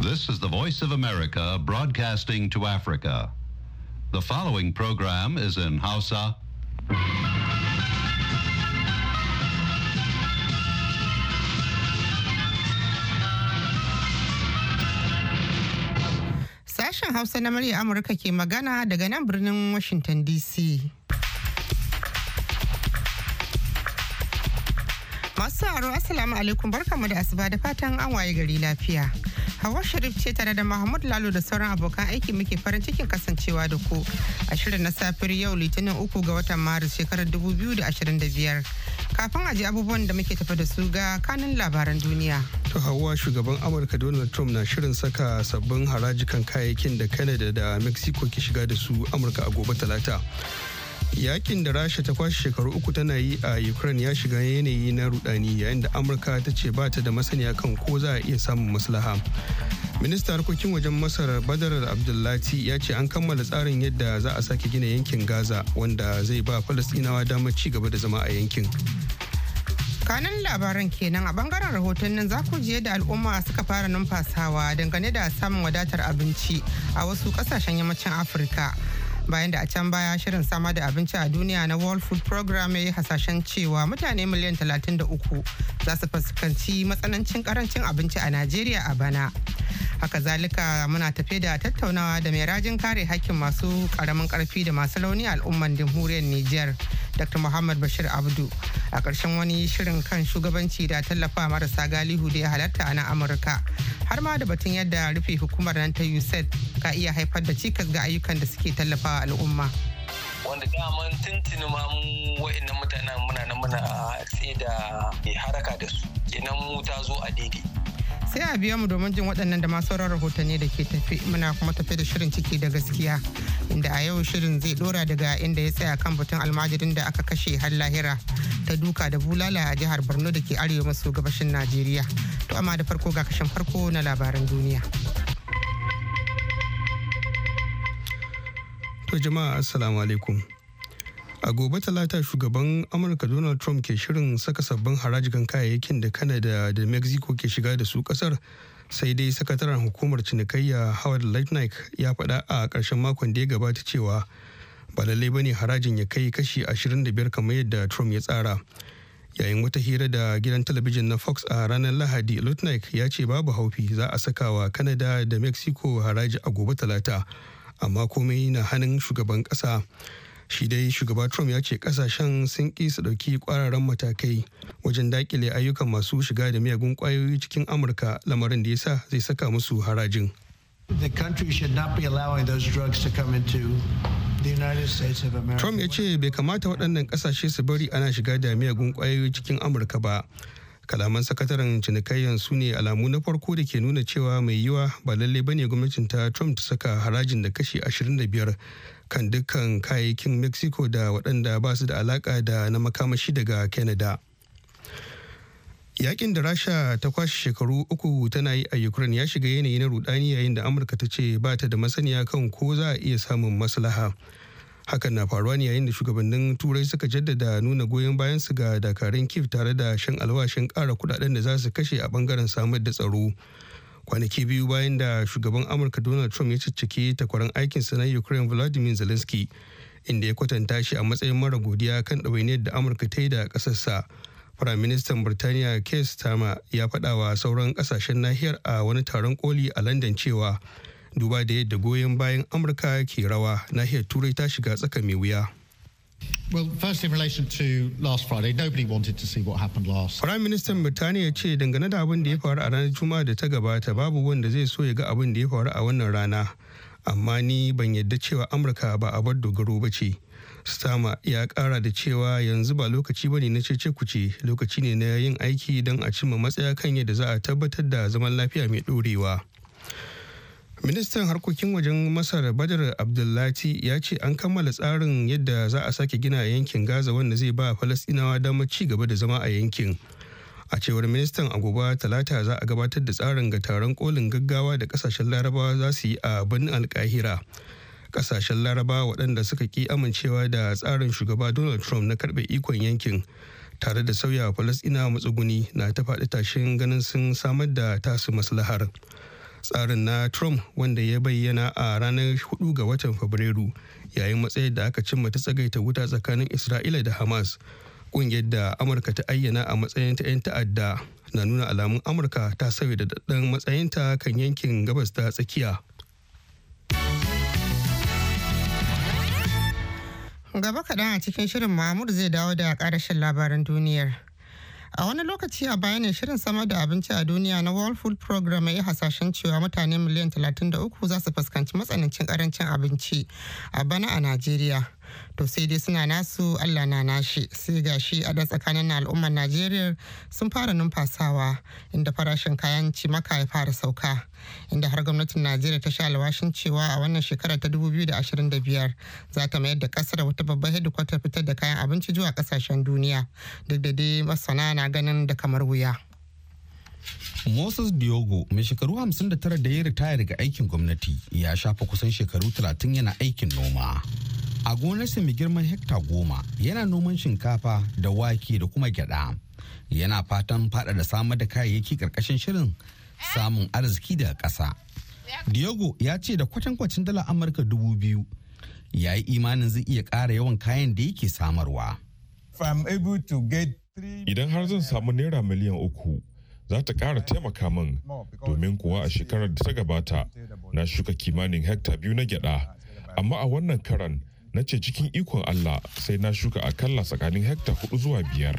This is the Voice of America broadcasting to Africa. The following program is in Hausa. Sashen Hausa na murya Amurka ke magana daga nan birnin Washington DC. Masu haro Assalamu alaikum barkanmu da asuba da fatan an waye gari lafiya. Hawa Sharif ce tare da Mahmud Lalo da sauran abokan aiki muke farin cikin kasancewa da ku a shirin na safiyar yau Litinin uku ga watan Maris shekarar 2025. Kafin aji abubuwan da muke tafa da su ga kanin labaran duniya. To Hawa shugaban Amurka Donald Trump na shirin saka sabbin harajikan kayayyakin da Canada da Mexico ke shiga da su Amurka a gobe Talata. yakin da rasha ta kwashe shekaru uku tana yi a ukraine ya shiga yanayi na rudani yayin da amurka ta ce ba ta da masaniya kan ko za a iya samun maslaha minista harkokin wajen masar badar abdullati ya ce an kammala tsarin yadda za a sake gina yankin gaza wanda zai ba falastinawa damar ci gaba da zama a yankin kanan labaran kenan a bangaren rahotannin za ku je da al'umma suka fara numfasawa dangane da samun wadatar abinci a wasu kasashen yammacin afirka bayan da a can baya shirin sama da abinci a duniya na world food program ya yi hasashen cewa mutane miliyan 33 za su fuskanci matsanancin karancin abinci a najeriya a bana haka zalika muna tafe da tattaunawa da mai rajin kare hakkin masu karamin karfi da masu launi al'umman jamhuriyar niger Dr. Muhammad Bashir Abdu a ƙarshen wani shirin kan shugabanci da tallafa marasa galihu da ya halatta a nan Amurka. Har ma da batun yadda rufe hukumar nan ta USAID ka iya haifar da cikas ga ayyukan da suke tallafawa al'umma. wanda daman tuntuni ma mu wa'annan mutanen muna nan muna tsaye da haraka da su kenan mu ta zo a daidai sai a biya mu domin jin waɗannan da masu sauran rahotanni da ke tafi muna kuma tafi da shirin ciki da gaskiya inda a yau shirin zai dora daga inda ya tsaya kan batun almajirin da aka kashe har lahira ta duka da bulala a jihar borno da ke arewa maso gabashin najeriya to amma da farko ga kashin farko na labaran duniya to jama'a assalamu alaikum a gobe talata shugaban amurka donald trump ke shirin saka sabbin harajikan kayayyakin da kanada da mexico ke shiga da su kasar sai dai sakataren hukumar cinikayya howard lightnick ya faɗa a karshen makon da ya gabata cewa ba lallai bane harajin ya kai kashi 25 kamar yadda trump ya tsara yayin wata hira da gidan talabijin na fox a ranar lahadi lightnick ya ce babu haufi za a saka wa kanada da mexico haraji a gobe talata amma komai na hannun shugaban ƙasa shi dai shugaba trump ya ce kasashen sun ki su ɗauki kwararan matakai wajen dakile ayyukan masu shiga da miyagun kwayoyi cikin amurka lamarin da ya sa zai saka musu harajin Trump ya ce bai kamata waɗannan ƙasashe su bari ana shiga da miyagun kwayoyi cikin Amurka ba. Kalaman sakataren cinikayyar su ne alamu na farko da ke nuna cewa mai yiwa ba lallai ne gwamnatin ta Trump ta saka harajin da kashi 25 kan dukkan kayayyakin mexico da waɗanda ba su da alaƙa da na makamashi daga canada yakin da rasha ta kwashe shekaru uku tana yi a ukraine ya shiga yanayi na rudani yayin da amurka ta ce ba ta da masaniya kan ko za a iya samun maslaha hakan na faruwa ne yayin da shugabannin turai suka jaddada nuna goyon bayan su ga dakarun kif tare da shan alwashin kara kudaden da za su kashe a bangaren samar da tsaro kwanaki biyu bayan da shugaban amurka donald trump ya cicciki takwaran aikinsa na ukraine vladimir zelensky inda ya kwatanta shi a matsayin mara godiya kan ɗawainiyar da amurka ta yi da ƙasarsa firaministan birtaniya keir starmer ya faɗa wa sauran ƙasashen nahiyar a wani taron koli a london cewa duba da yadda goyon bayan amurka ke rawa nahiyar turai ta shiga tsaka mai wuya Well, in to last Friday, nobody wanted to Prime Minister Birtaniya ya ce dangane da abin da ya faru a ranar Juma'a da ta gabata babu wanda zai so ya ga abin da ya faru a wannan rana. Amma ni ban yadda cewa Amurka ba a bar dogaro ba ce. Stama ya kara da cewa yanzu ba lokaci ba ne na cece kuce lokaci ne na yin aiki don a cimma matsaya kan yadda za a tabbatar da zaman lafiya mai ɗorewa. ministan harkokin wajen masar badar Abdullahi ya ce an kammala tsarin yadda za a sake gina yankin gaza wanda zai ba falastinawa damar ci gaba da zama a yankin a cewar ministan agoba talata za a gabatar da tsarin ga taron kolin gaggawa da kasashen larabawa za su yi a birnin alkahira kasashen larabawa waɗanda suka ki amincewa da tsarin shugaba donald trump na karɓe ikon yankin tare da sauya falastinawa matsuguni na ta faɗi tashin ganin sun samar da tasu maslahar. tsarin na trump wanda ya bayyana a ranar 4 ga watan fabrairu yayin matsayin da aka cimma ta tsagaita wuta tsakanin isra'ila da hamas kungiyar da amurka ta ayyana a matsayin ta 'yan ta'adda na nuna alamun amurka ta sauya da matsayin ta kan yankin gabas ta tsakiya gaba kaɗan a cikin shirin mahmud zai dawo da ƙarashin labaran duniyar A wani lokaci a baya ne shirin samar da abinci a duniya na World Food Program ya yi hasashen cewa mutane miliyan 33 za su fuskanci matsanancin karancin abinci a bana a Najeriya. to sai dai suna nasu allah na nashi sai ga shi a da tsakanin al'ummar najeriya sun fara numfasawa inda farashin kayan cimaka ya fara sauka inda har gwamnatin najeriya ta sha alwashin cewa a wannan shekarar ta 2025 za ta mayar da kasar wata babbar hedikwatar fitar da kayan abinci zuwa kasashen duniya duk da dai masana na ganin da kamar wuya Moses Diogo mai shekaru 59 da ya ritaya daga aikin gwamnati ya shafa kusan shekaru 30 yana aikin noma. a gonarsa mai girman hekta goma yana noman shinkafa da wake da kuma gyada yana fatan da samar da kayayyaki ƙarƙashin shirin samun arziki daga ƙasa diego ya ce da kwatankwacin dala amurka dubu biyu ya yi imanin zai iya ƙara yawan kayan da yake samarwa idan har zan samu naira miliyan uku za ta ƙara taimaka min domin kuwa a shekarar da ta gabata na shuka kimanin hekta biyu na gyada amma a wannan karan na ce cikin ikon Allah sai na shuka akalla tsakanin hekta hudu zuwa biyar.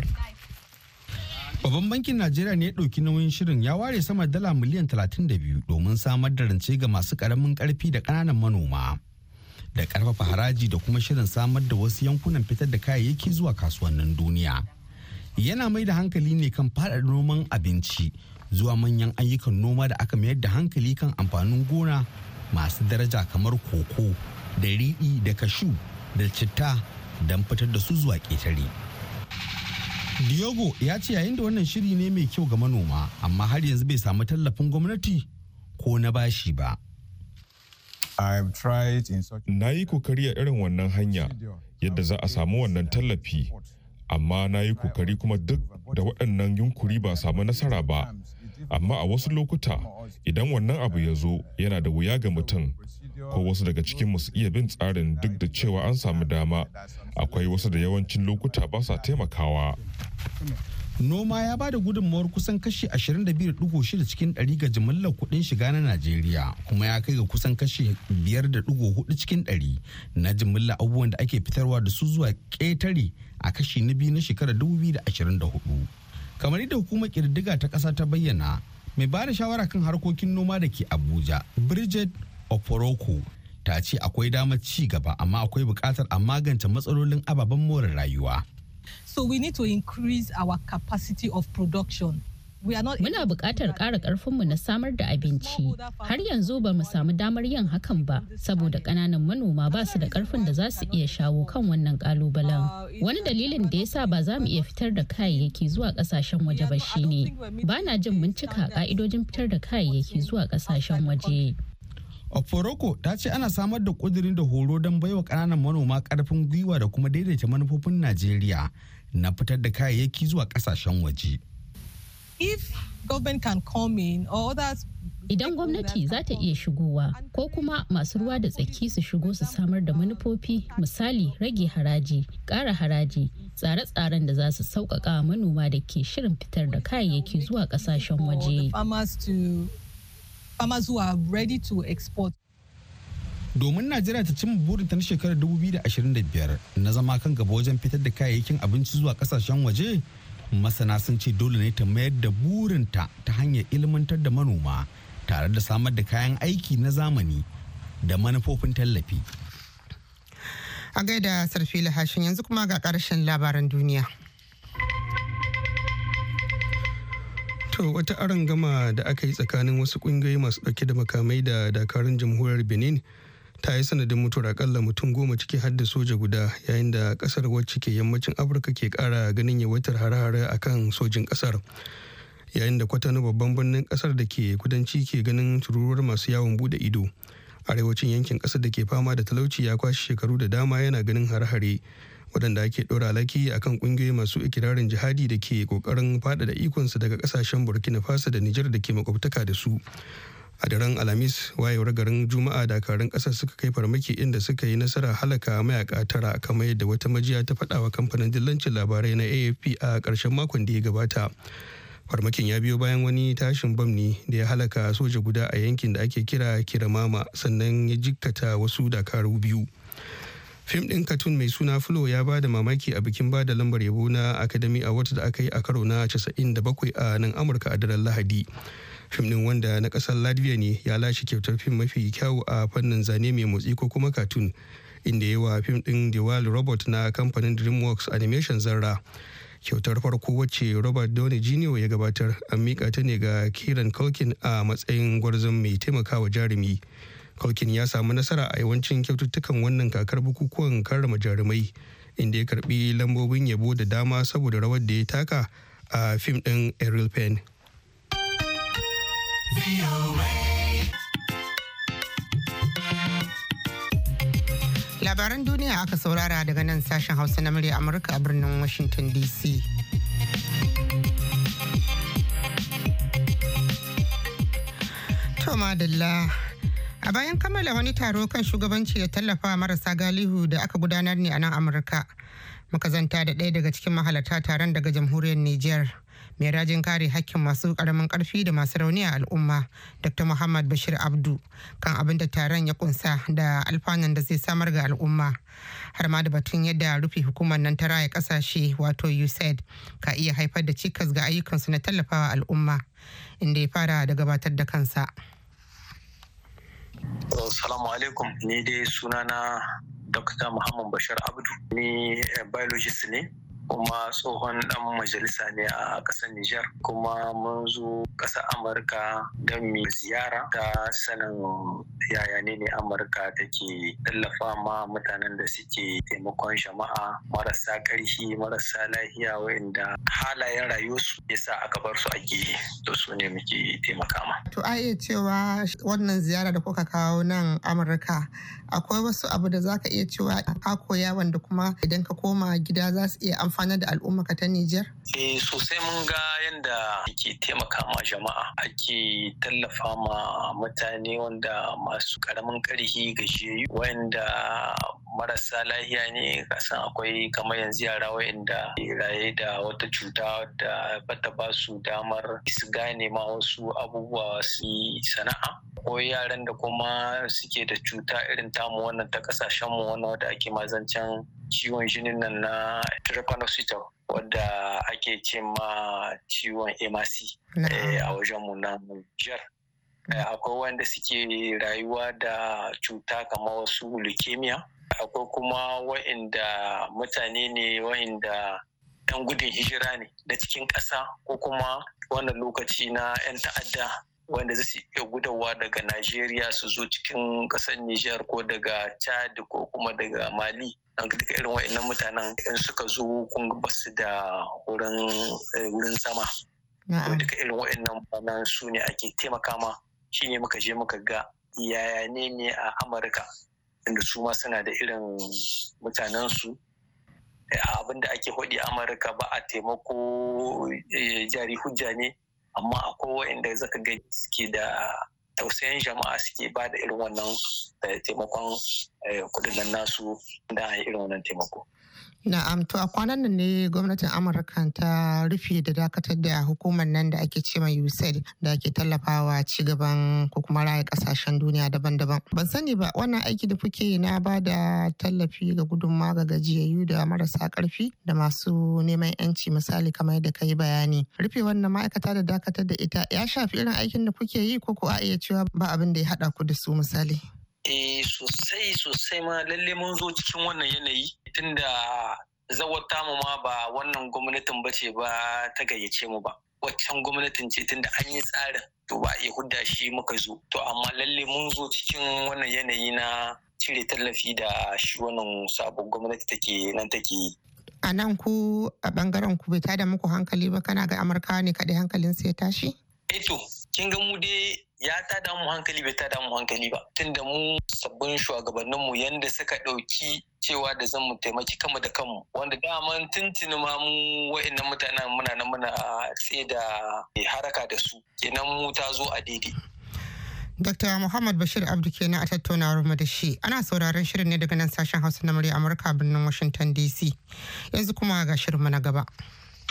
Babban bankin Najeriya ne ya ɗauki nauyin shirin ya ware sama dala miliyan 32 domin samar da rance ga masu ƙaramin ƙarfi da ƙananan manoma. Da ƙarfafa haraji da kuma shirin samar da wasu yankunan fitar da kayayyaki zuwa kasuwannin duniya. Yana mai da hankali ne kan faɗaɗa noman abinci zuwa manyan ayyukan noma da aka mayar da hankali kan amfanin gona masu daraja kamar koko da riɗi da kashu da citta don fitar da su zuwa ƙetare. Diogo ya ce yayin da wannan shiri ne mai kyau ga manoma amma har yanzu bai samu tallafin gwamnati ko na bashi ba. Na yi kokari a irin wannan hanya yadda za a samu wannan tallafi, amma na yi kokari kuma duk da waɗannan yunkuri ba samu nasara ba. Amma a wasu lokuta idan wannan abu ya zo yana da wuya ga mutum ko wasu daga cikin su iya bin tsarin duk da cewa an samu dama akwai wasu da yawancin lokuta ba sa taimakawa noma ya ba da gudunmawar kusan kashi 22.6 cikin 100 ga jimillar kudin shiga na najeriya kuma ya kai ga kusan kashi 5.4 cikin 100 na jimillar abubuwan da ake fitarwa da su zuwa ƙetare a kashi na biyu na shekarar 2024 kamar yadda hukumar ƙirdiga ta ƙasa ta bayyana mai ba da shawara kan harkokin noma da ke abuja bridget oporoku ta ce akwai damar ci gaba amma akwai bukatar a magance matsalolin ababen more rayuwa so we need to increase our capacity of production Muna buƙatar ƙara ƙarfinmu na samar da abinci. Har yanzu ba mu samu damar yin hakan ba, saboda ƙananan manoma ba su da ƙarfin da za su iya shawo kan wannan ƙalubalen. Uh, Wani dalilin da ya sa ba za mu iya fitar da kayayyaki zuwa ƙasashen waje ba shine, ba na jin mun cika ƙa'idojin fitar da kayayyaki zuwa ƙasashen waje. foroko ta ce ana samar da kudirin da horo don baiwa kananan manoma karfin gwiwa da kuma daidaita manufofin Najeriya na fitar da kayayyaki zuwa kasashen waje. idan gwamnati za ta iya shigowa ko kuma masu ruwa da tsaki su shigo su samar da manufofi misali rage haraji ƙara haraji tsare-tsaren da za su sauƙaƙa manoma da ke shirin fitar da kayayyaki zuwa ƙasashen waje farmers who are ready to export. Domin Najeriya ta cimma burinta na shekarar 2025 na zama kan gaba wajen fitar da kayayyakin abinci zuwa kasashen waje, masana sun ce dole ne ta mayar da burinta ta hanyar ilmantar da manoma tare da samar da kayan aiki na zamani da manufofin tallafi. A gaida sarfi lahashin yanzu kuma ga karshen labaran duniya. To wata gama da aka yi tsakanin wasu kungiyoyi masu ɗauke da makamai da dakarun jamhuriyar Benin ta yi sanadin mutuwar akalla mutum goma ciki har da soja guda yayin da kasar wacce ke yammacin Afirka ke ƙara ganin yawaitar hare-hare kan sojin kasar Yayin da kwatano babban birnin ƙasar da ke kudanci ke ganin tururuwar masu yawon bude ido. Arewacin yankin ƙasar da ke fama da talauci ya kwashe shekaru da dama yana ganin hare-hare waɗanda ake ɗora laki a kan ƙungiyoyi masu ikirarin jihadi da ke ƙoƙarin faɗaɗa ikonsu daga ƙasashen burkina faso da nijar da ke makwabtaka da su a daren alhamis wayewar garin juma'a dakarun ƙasar suka kai farmaki inda suka yi nasara halaka mayaka tara kamar yadda wata majiya ta faɗawa kamfanin dillancin labarai na afp a karshen makon da ya gabata farmakin ya biyo bayan wani tashin bam da ya halaka soja guda a yankin da ake kira kiramama sannan ya jikkata wasu dakaru biyu fim ɗin katun mai suna fulo ya ba da mamaki a bikin ba da lambar yabo na academy a wata da aka yi a karo na 97 a nan amurka a daren lahadi fim ɗin wanda na kasar latvia ne ya lashe kyautar fim mafi kyawu a fannin zane mai motsi ko kuma katun inda ya wa fim ɗin dewal robot na kamfanin dreamworks animation zarra kyautar farko wacce robert downey jr ya gabatar an miƙa ta ne ga kiran culkin a matsayin gwarzon mai taimakawa jarumi Hawking ya samu nasara a yawancin kyaututtukan wannan kakar bukukuwan karrama jarumai inda ya karbi lambobin yabo da dama saboda rawar da ya taka a fim din Ariel Pen. Labaran duniya aka saurara daga nan sashen Hausa na murya Amurka a birnin Washington DC. To madalla A bayan kammala wani taro kan shugabanci ya tallafa marasa galihu da aka gudanar ne a nan Amurka. Muka da ɗaya daga cikin mahalarta taron daga jamhuriyar Nijar. Mai rajin kare hakkin masu ƙaramin ƙarfi da masu rauni a al'umma, Dr. Muhammad Bashir Abdu, kan abin da taron ya kunsa da alfanun da zai samar ga al'umma. Har ma da batun yadda rufe hukumar nan ta raya ƙasashe wato USAID ka iya haifar da cikas ga ayyukansu na tallafawa al'umma, inda ya fara da gabatar da kansa. Salamu alaikum ni dai sunana Dr. Muhammad bashar Abdu ni eh, biologist ne kuma tsohon dan majalisa ne a kasar Nijar kuma mun zo ƙasar Amurka don mu ziyara ta sanin yaya ne ne Amurka take tallafa ma mutanen da suke taimakon jama'a marasa ƙarfi marasa lahiya waanda halayen rayuwarsu yasa aka bar su a gehe to su ne muke taimaka ma. To a iya cewa wannan ziyara da kuka kawo nan Amurka akwai wasu abu da za ka iya cewa ka koya wanda kuma idan ka koma gida za su iya amfani amfana da al'umma ka ta Nijar? Eh sosai mun ga yadda ake taimaka ma jama'a ake tallafa ma mutane wanda masu karamin karhi gajiyayyu wanda marasa lahiya ne kasan akwai kamar yanzu yara wa'inda raye da wata cuta da bata ba su damar su gane ma wasu abubuwa su yi sana'a ko yaran da kuma suke da cuta irin tamu wannan ta kasashen mu wannan da ake mazancan ciwon jinin nan na trypanocytal wadda ake ce ma ciwon emasi eh, a wajen mu na Niger eh, akwai wanda suke rayuwa da cuta kamar wasu leukemia akwai kuma wa'inda mutane ne wa'inda 'yan gudun hijira ne na cikin ƙasa ko kuma wannan lokaci na 'yan ta'adda wanda zai su iya gudawa daga Najeriya su zo cikin ƙasar Nijar ko daga Chad ko kuma daga Mali. An duka irin wa'annan mutanen in suka zo kun ba su da wurin eh, zama. Duka irin wa'annan mutanen su ne ake taimaka ma shi ne muka je muka ga yaya ne ne a Amurka inda su ma suna da irin mutanensu eh, abin da ake hudi amurka ba a taimako eh, jari hujja ne amma akwai wa'inda zaka ga suke da tausayin jama'a suke ba da irin wannan eh, taimakon kudin nasu da irin wannan taimako. Na'am to a kwanan nan ne gwamnatin Amurka ta rufe da dakatar da hukumar nan da ake ce mai USAID da ke tallafawa ci gaban ko kuma raya kasashen duniya daban-daban. Ban sani ba wannan aiki da kuke na ba da tallafi ga gudunma ga gajiyayyu da marasa karfi da masu neman yanci misali kamar yadda kai bayani. Rufe wannan ma'aikata da dakatar da ita ya shafi irin aikin da kuke yi ko ko a iya cewa ba abin da ya haɗa ku da su misali. eh sosai sosai ma lalle mun zo cikin wannan yanayi tunda zawar tamu ma ba wannan gwamnatin ba ce ba ta gayyace mu ba waccan gwamnatin ce tunda an yi tsarin to ba iya hudda shi muka zo to amma lalle mun zo cikin wannan yanayi na cire tallafi da shi wannan sabon gwamnati take nan take yi a nan ku a bangaren ku bai tada muku hankali ba kana ga amurka ne kaɗai hankalin sai tashi eh to kin ga mu dai ya ta damu hankali bai ta damu hankali ba tunda mu sabbin mu yanda suka ɗauki cewa da zan mu taimaki kanmu da kanmu wanda daman tuntuni ma mu wa'annan mutanen muna nan muna tsaye da haraka da su kenan mu ta zo a daidai Dr. Muhammad Bashir Abdu na a tattaunawar mu da shi. Ana sauraron shirin ne daga nan sashen Hausa na murya Amurka birnin Washington DC. Yanzu kuma ga shirin mu na gaba.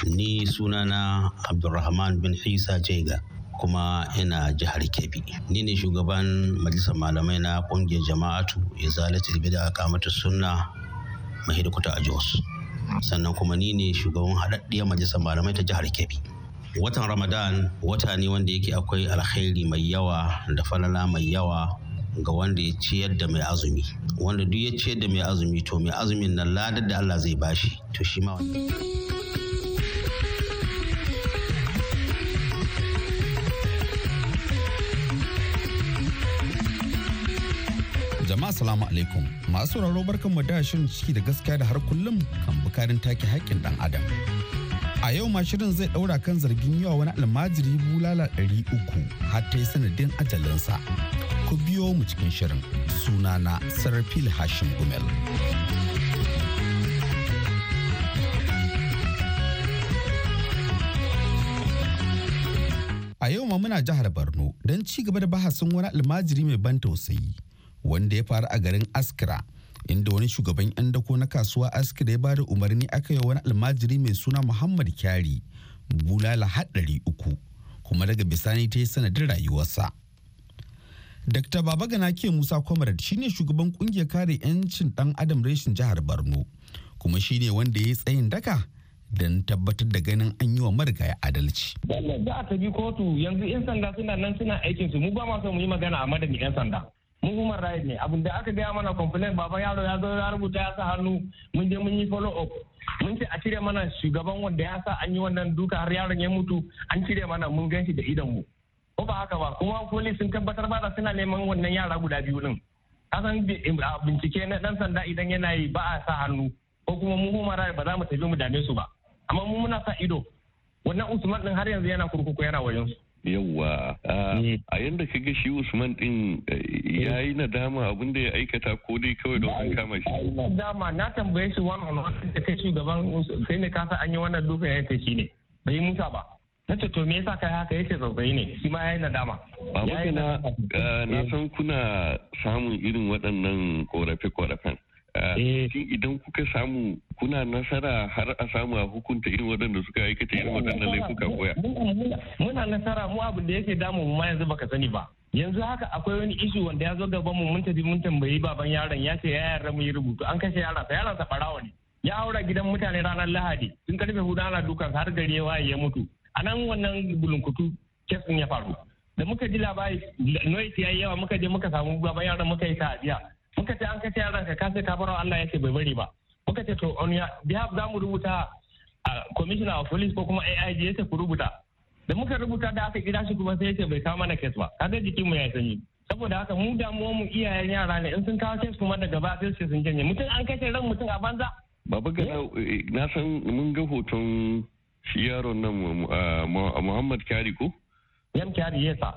Ni sunana Abdulrahman bin Isa Jega. kuma ina jihar Kebbi. Ni ne shugaban majalisar malamai na kungiyar jama'atu ya zala zalata bida kamata sunna mahidukuta a Jos. Sannan kuma ni ne shugaban haɗaɗɗiyar majalisar malamai ta jihar Kebbi. Watan Ramadan wata ne wanda yake akwai alkhairi mai yawa da falala mai yawa ga wanda ya ciyar da mai azumi. Wanda duk ya ciyar da mai azumi to mai azumin nan ladar da Allah zai bashi to shi ma wanda. jama'a salamu alaikum masu sauraro barkan mu da shirin ciki da gaskiya da har kullum kan bukarin take haƙƙin dan adam a yau ma shirin zai ɗaura kan zargin yawa wani almajiri bulala ɗari uku har ta yi sanadin ajalinsa ku biyo mu cikin shirin na sarfil hashim gumel a yau ma muna jihar borno don ci gaba da bahasin wani almajiri mai ban tausayi wanda ya faru a garin askira inda wani shugaban 'yan dako na kasuwa askira ya bada umarni aka yi wani almajiri mai suna muhammad kyari bulala haɗari uku kuma daga bisani ta yi sanadin rayuwarsa dr babagana ke musa comrade shine shugaban kungiyar kare 'yancin dan adam reshin jihar borno kuma shine wanda ya yi tsayin daka don tabbatar da ganin an yi wa marigaya adalci. Wannan za a bi kotu yanzu 'yan sanda suna nan suna aikinsu su mu ba ma mu yi magana a madadin 'yan sanda. mun human right ne abin da aka gaya mana complain baban yaro ya zo ya rubuta ya sa hannu mun je mun yi follow up mun ce a cire mana shugaban wanda ya sa an yi wannan duka har yaron ya mutu an cire mana mun gan shi da idan mu ko ba haka ba kuma police sun tabbatar ba da suna neman wannan yara guda biyu din kasan bincike na dan sanda idan yana yi ba a sa hannu ko kuma mu human right ba za mu tafi mu dame su ba amma mu muna sa ido wannan usman din har yanzu yana kurkuku yana wajen su yawwa a mm. yadda ka ga shi usman din eh, ya yi nadama abin da ya aikata ko dai kawai don an kama shi na tambaye shi wani on da kai shugaban sai ne kasa an yi wannan dukkan yanta shi ne bai musa ba na ce to me yasa kai haka yace zaubai ne shi ma yayi nadama ba na eh, na san kuna samun irin waɗannan korafe korafen Eh, eh, shin idan kuka samu kuna nasara har a samu a hukunta irin waɗanda suka aikata irin waɗannan laifuka koya. Muna nasara mu abin da yake damu mu ma yanzu baka sani ba. Yanzu haka akwai wani isu wanda ya zo gaban mu mun tafi mun tambayi baban yaron ya ce ya yarda mu yi rubutu an kashe yaron sa yaron sa farawa ne. Ya aura gidan mutane ranar Lahadi sun karfe hudu ana dukan har gari ya waye ya mutu. A nan wannan bulunkutu kesin ya faru. Da muka ji labari noise ya yi yawa muka je muka samu baban yaron muka yi ta'aziya. muka ce an kace yaran ka sai ka bar Allah ya ce bai bari ba muka ce to on ya behalf za mu rubuta a commissioner of police ko kuma AIG ya ce ku rubuta da muka rubuta da aka kira shi kuma sai yake bai kawo mana case ba kaga jikin mu ya sanyi saboda haka mu damuwa mu iyayen yara ne in sun kawo case kuma daga ba sai sun janye mutum an kace ran mutum a banza baba ga na san mun ga hoton shi yaron nan Muhammad Kari ko yam Kari yasa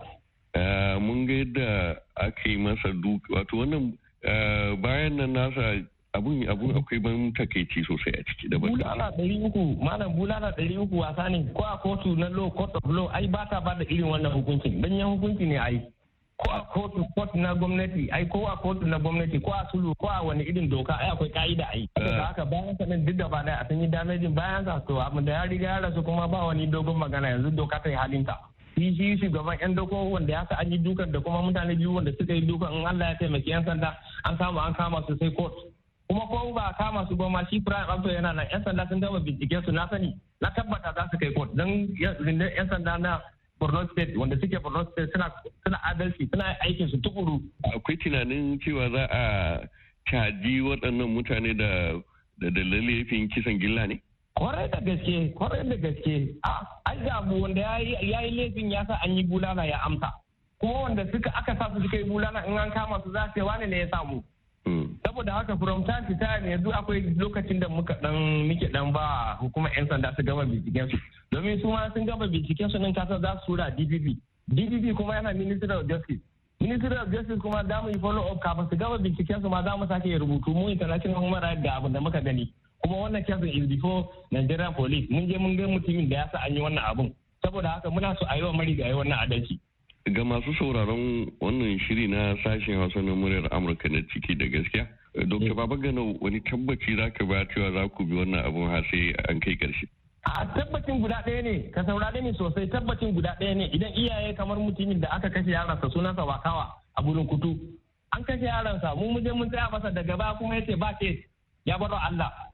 eh, mun ga yadda aka yi masa duk wato wannan Eh, bayan nan nasa abun abun akwai ban takaici sosai a ciki da ba bulala ɗari uku malam bulala ɗari uku wasa ne ko a kotu na low court of law ai ba ta ba da irin wannan hukuncin danyen hukunci ne ai ko a kotu court na gwamnati ai ko a kotu na gwamnati ko a sulu ko a wani irin doka ai akwai ka'ida ai eh. saboda haka bayan ka nan duk da ba da a sanyi damejin bayan sa to abin da ya riga ya rasu kuma ba wani dogon magana yanzu doka ta yi halinta shi shi shugaban yan dako wanda ya sa an yi dukan da kuma mutane biyu wanda suka yi dukan in Allah ya taimaki yan sanda an kama an kama su sai court kuma ko ba a kama su ba ma shi prime actor yana nan yan sanda sun gama bincike su na sani na tabbata za su kai court don yan sanda na Borno State wanda suke Borno State suna suna adalci suna aikin su tukuru akwai tunanin cewa za a caji waɗannan mutane da da laifin kisan gilla ne kwarai da gaske kwarai da gaske an ah, damu wanda ya yi laifin ya sa an yi bulala ya amsa kuma wanda suka aka sa su suka yi bulala in an kama su za su wane ne ya samu hmm. saboda haka from time to time yanzu akwai lokacin da muka dan muke dan ba hukumar yan sanda su gama binciken su domin su ma sun gama binciken su nan kasa za su sura DPP DPP kuma yana Ministry of Justice Ministry of Justice kuma za mu yi follow up kafin su gama binciken su ma za mu sake rubutu mu international human rights ga abin da muka gani kuma wannan kyasin is before Nigeria police mun je mun ga mutumin da ya sa an yi wannan abun saboda haka muna so a yi wa yi wannan adalci ga masu sauraron wannan shiri na sashen hausa na muryar amurka na ciki da gaskiya dokta baba wani tabbaci za ka ba cewa za ku bi wannan abun har sai an kai karshe a tabbacin guda ɗaya ne ka saurare ni sosai tabbacin guda ɗaya ne idan iyaye kamar mutumin da aka kashe yaransa sunansa wakawa a burin kutu an kashe yaransa mu muje mun tsaya masa daga baya kuma yace ba ke ya baro Allah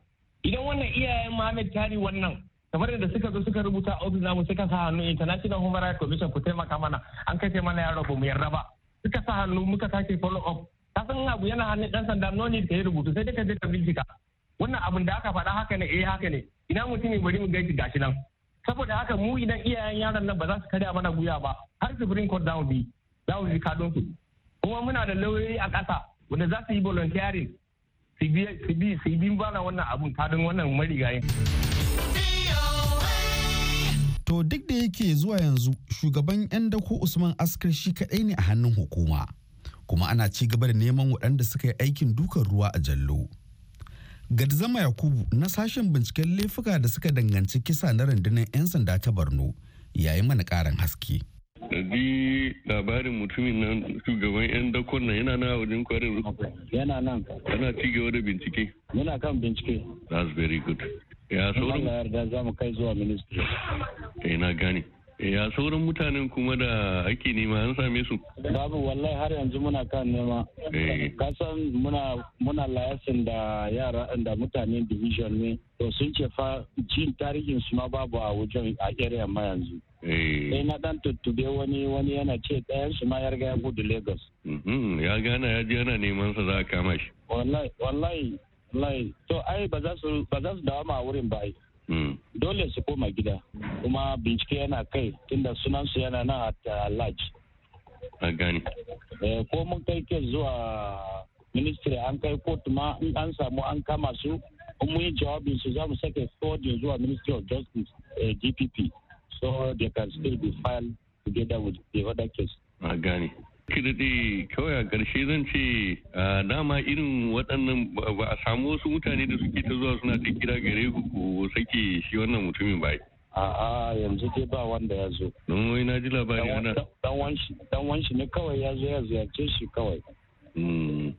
idan wannan iyayen Muhammad Tari wannan kamar da suka zo suka rubuta a ofis namu suka sa hannu international human rights commission ku taimaka mana an kai mana yaro ba mu yarda ba suka sa hannu muka sake follow up ka san abu yana hannun dan sanda no need yi rubutu sai dai ka je ka bincika wannan abin da aka faɗa haka ne eh haka ne ina mutum ne bari mu gaishe gashi nan saboda haka mu idan iyayen yaron nan ba za su karya mana guya ba har supreme court za bi za mu bi kadon su kuma muna da lauyoyi a ƙasa wanda za su yi volunteering su bi su bi bana wannan abun fadin wannan marigayin. To duk da yake zuwa yanzu shugaban 'yan dako Usman Askar shi kaɗai ne a hannun hukuma kuma ana ci gaba da neman waɗanda suka yi aikin dukan ruwa a jallo. Gadzama Yakubu na sashen binciken laifuka da suka danganci kisa na rundunar 'yan sanda ta Borno yayi mana ƙarin haske. bi labarin mutumin nan shugaban 'yan dakon nan yana na wajen kwarin yana nan yana ci gaba da bincike yana kan bincike that's very good ya sauran Allah yarda za mu kai zuwa ministry eh na gani eh, ya sauran mutanen kuma da ake nema an same su babu wallahi har yanzu muna kan nema eh. kasan muna muna layasin da yara da mutanen division ne to sun ce fa jin tarihin su ma babu a wajen a area ma yanzu Eh. sai na dan tuttube wani wani yana ce ɗayan su ma ya riga ya gudu Lagos. Mm-hmm. Ya gana ya ji yana neman sa za a kama shi. Wallahi wallahi wallahi to ai ba za su dawa ma a wurin ba ai. Mm. Dole su koma gida kuma bincike yana kai tunda sunan su yana nan a uh, large. A gani. Eh, ko mun kai ke zuwa ministry an kai kotu ma in an samu an kama su mun yi jawabin su za mu sake kodin zuwa ministry of justice DPP. Eh, so they can still be filed together with the other case. A gane. Kirɗe kawai a ƙarshe zan ce dama irin waɗannan ba a samu wasu mutane da suke ta zuwa suna ta kira gare ku ko sake shi wannan mutumin bai. A'a yanzu dai ba wanda ya zo. Don wai na ji labari ana. Dan wanshi ne kawai ya zo ya ziyarce shi kawai. Hmm.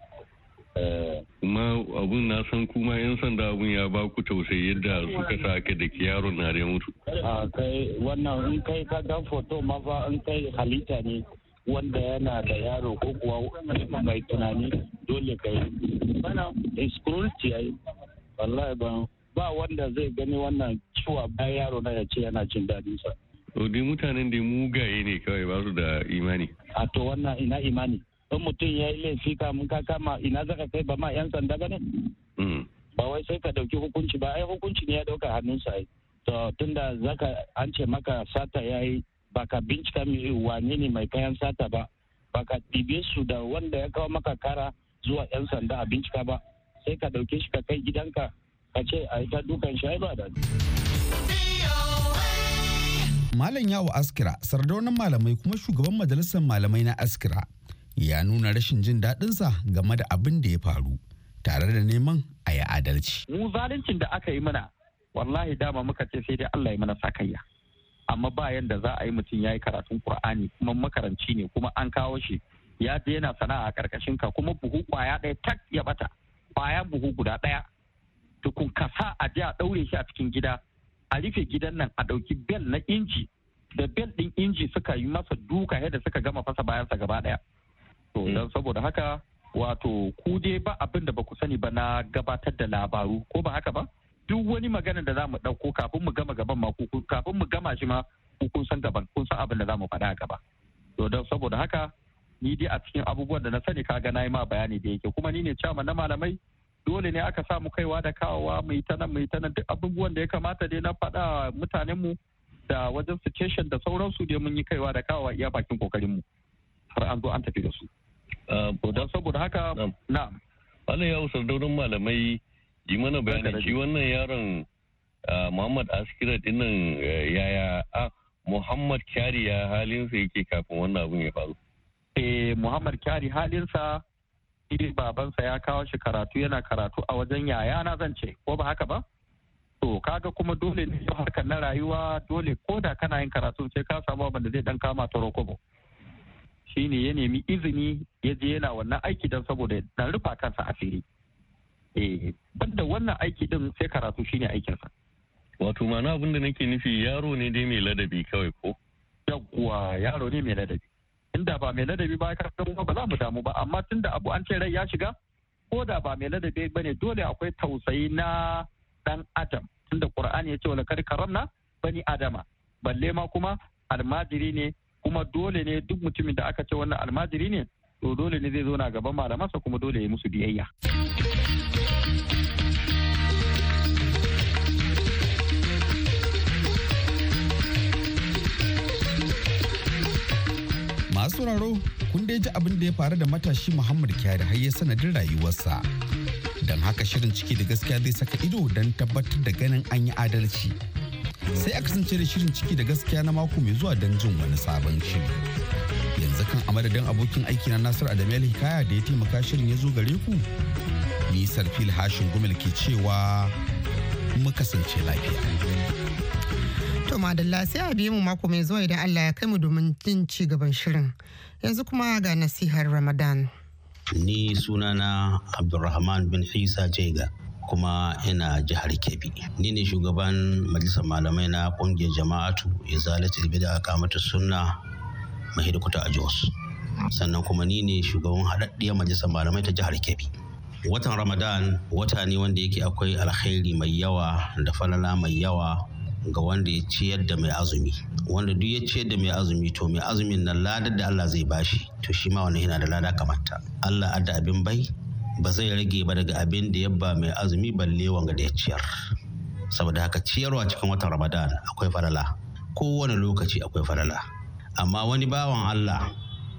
kuma abun na san kuma yan sanda abun ya ba ku tausayi yadda suka sa ka da yaron na da mutu a kai wannan in kai ka ga foto ma fa in kai halitta ne wanda yana da yaro ko kuwa mai tunani dole yi. bana ya yi. wallahi ba ba wanda zai gani wannan ciwa bayan yaro na ya ce yana jin daɗin sa to dai mutanen da mugaye ne kawai ba su da imani a to wannan ina imani in mutum ya yi laifi kamun ka kama ina zaka kai ba ma 'yan sanda ba ne mm. ba wai sai ka ɗauki hukunci ba ai hukunci ne ya ɗauka hannun ai to tunda zaka an ce maka sata ya yi ba ka bincika wane ne mai kayan sata ba ba ka ɗibe su da wanda ya kawo maka kara zuwa 'yan sanda a bincika ba sai ka ɗauki shi ka kai gidanka ka ce a ta dukan shi ai ba da Malam Yawo Askira, sardaunan malamai kuma shugaban majalisar malamai na Askira, ya nuna rashin jin daɗinsa game da abin da ya faru tare da neman a yi adalci. Mu zaluncin da aka yi mana wallahi dama muka ce sai dai Allah ya mana sakayya. Amma ba yanda za a yi mutum ya yi karatun Kur'ani kuma makaranci ne kuma an kawo shi ya je yana sana'a a karkashin ka kuma buhu kwaya ɗaya tak ya bata kwaya buhu guda ɗaya tukun kasa a je a ɗaure shi a cikin gida a rufe gidan nan a ɗauki bel na inji da bel ɗin inji suka yi masa duka yadda suka gama fasa bayansa gaba ɗaya. to mm. dan saboda haka wato ku dai ba abin da ba ku sani ba na gabatar da labaru ko ba haka ba duk wani magana da za mu ɗauko kafin mu gama gaban ma kafin mu gama shi ma kun san gaban kun san abin da za mu faɗa a gaba to dan saboda haka ni dai a cikin abubuwan da na sani kaga na yi ma bayani da yake kuma ni ne cama na malamai dole ne aka samu kaiwa da kawowa mai ta nan mai ta nan duk abubuwan da ya kamata dai na faɗa mutanen mu da wajen situation da sauransu dai mun yi kaiwa da kawowa iya bakin kokarin mu har an zo an tafi da su. Don saboda haka na. Wannan ya usar daurin malamai yi mana bayanin shi wannan yaron ah, Muhammad Askira dinnan eh, yaya a ah, Muhammad Kyari ya halinsa yake kafin wannan abun ya faru. Eh Muhammad Kyari halinsa shi babansa ya kawo shi karatu yana karatu a wajen yaya na zan ce ko ba haka ba? To kaga kuma dole ne harkar na rayuwa dole ko da kana yin karatu sai ka samu abin da zai dan kama ta rokobo. shine ya nemi izini ya je yana wannan aiki don saboda dan rufa kansa a fili. Eh, banda wannan aiki din sai karatu shine aikinsa wato mana abin da nake nufi yaro ne dai mai ladabi kawai ko yawwa yaro ne mai ladabi inda ba mai ladabi ba ka ba za mu damu ba amma tunda abu an ce rai ya shiga ko da ba mai ladabi ba ne dole akwai tausayi na dan adam tunda qur'ani ya ce wala kar karamna bani adama balle ma kuma almajiri ne kuma dole ne duk mutumin da aka ce wannan almajiri ne to dole ne zai zo na gaban malamansa kuma dole ya musu biyayya. masu sauraro kun dai ji abin da ya faru da matashi Muhammad Kyari har ya sanadin rayuwarsa. Don haka shirin ciki da gaskiya zai saka ido don tabbatar da ganin an yi adalci sai a kasance da shirin ciki da gaskiya na mako mai zuwa don jin wani sabon shiri. Yanzu kan a madadin abokin aiki na Nasiru Adam Hikaya da ya taimaka shirin ya zo gare ku. Ni Sarfil Hashin Gumel ke cewa mu kasance lafiya. To madalla sai a biye mu mako mai zuwa idan Allah ya kai mu domin jin ci gaban shirin. Yanzu kuma ga nasihar Ramadan. Ni sunana Abdulrahman bin Isa Jega. kuma ina jihar Kebbi. Ni ne shugaban majalisar malamai na ƙungiyar jama'atu ya Izalatul Bida Kamatu Sunna Mahidkuta a Jos. Sannan kuma ni ne shugaban haɗaɗɗiyar majalisar malamai ta jihar Kebbi. Watan Ramadan wata ne wanda yake akwai alkhairi mai yawa da falala mai yawa ga wanda ya ciyar da mai azumi wanda duk ya ciyar da mai azumi to mai azumin nan ladar da Allah zai bashi to shi ma wannan yana da lada kamata Allah adda abin bai ba zai rage ba daga abin da ba mai azumi balle wanga da ya ciyar saboda haka ciyarwa cikin watan ramadan akwai farala kowane lokaci akwai farala amma wani bawan allah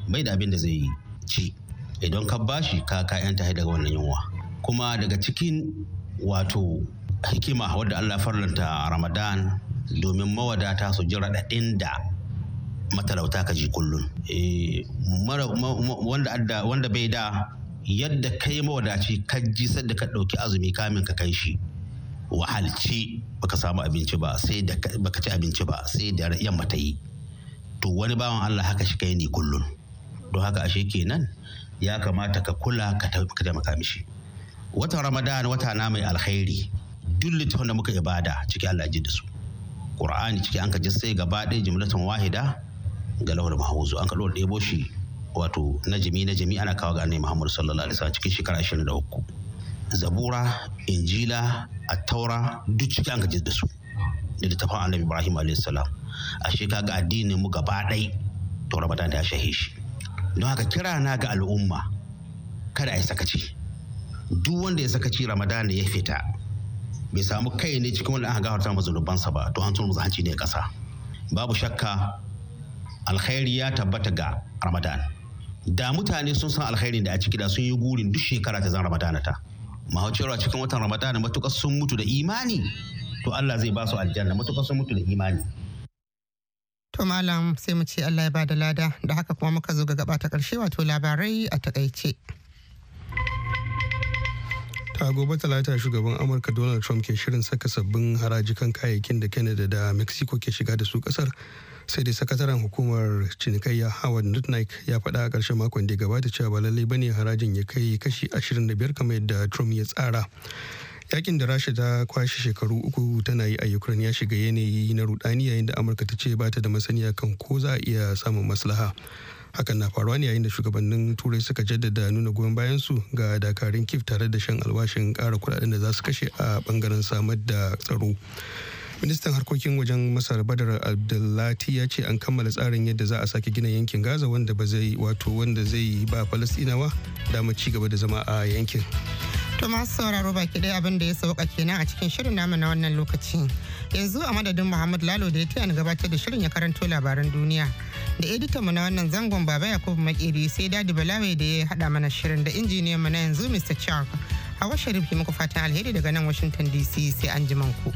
bai da abin da zai ci idan ka bashi ka kayan ta daga wannan yunwa kuma daga cikin wato hikima wadda allah farlanta ramadan domin mawadata su ji raɗaɗin da matalauta ka ji kullum eh, wanda bai da yadda kai mawadaci ka ji sadda ka ɗauki azumi kamin ka kai shi wahalci baka samu abinci ba sai da baka ci abinci ba sai da yamma ta yi to wani bawan Allah haka shi kai ne kullun don haka ashe kenan ya kamata ka kula ka taimaka mishi watan ramadan wata na mai alkhairi duk littafin da muka ibada ciki Allah ji da su qur'ani ciki an ka ji sai gaba ɗaya jumlatan wahida ga lawal mahfuzu an ka lura ɗebo shi wato najimi najimi ana kawo ga annabi Muhammad sallallahu alaihi wasallam cikin shekara 23 zabura injila attaura duk cikin an gaji da su da littafin annabi Ibrahim alaihi salam a shekara addinin mu gaba dai to Ramadan ya shahe shi don haka kira na ga al'umma kada a sakaci duk wanda ya sakaci Ramadan ya fita bai samu kai ne cikin wanda aka gafarta masa zunubansa ba to an tuna masa hanci ne kasa babu shakka alkhairi ya tabbata ga Ramadan da mutane sun san alkhairin da a ciki da sun yi gurin duk shekara ta zan ramadana ta mahaucewa cikin watan ramadana matukar sun mutu da imani to Allah zai ba su aljanna matukar sun mutu da imani to malam sai mu ce Allah ya bada lada da haka kuma muka zo ga gaba ta karshe wato labarai a takaice ta gobe talata shugaban amurka donald trump ke shirin saka sabbin haraji kan kayayyakin da canada da mexico ke shiga da su kasar sai dai sakataren hukumar cinikayya howard nutnik ya faɗa a ƙarshen makon da gabata cewa ba lallai bane harajin ya kai kashi 25 kamar yadda trump ya tsara yakin da rasha ta kwashe shekaru uku tana yi a ukraine ya shiga yanayi na rudani yayin da amurka ta ce bata da masaniya kan ko za a iya samun maslaha hakan na faruwa ne yayin da shugabannin turai suka jaddada nuna goyon su ga dakarun kif tare da shan alwashin kara kudaden da za su kashe a bangaren samar da tsaro ministan harkokin wajen masar badar abdullati ya ce an kammala tsarin yadda za a sake gina yankin gaza wanda ba zai wato wanda zai ba falastinawa damar ci gaba da zama a yankin to sauraro baki ɗaya abin da ya sauka kenan a cikin shirin namu na wannan lokaci yanzu a madadin muhammad lalo da ya taya ni gabatar da shirin ya karanto labaran duniya da editan mu na wannan zangon baba yakub makeri sai dadi balawe da ya haɗa mana shirin da injiniyan mu na yanzu mr charles hawa sharif muku fatan alheri daga nan washington dc sai an ku.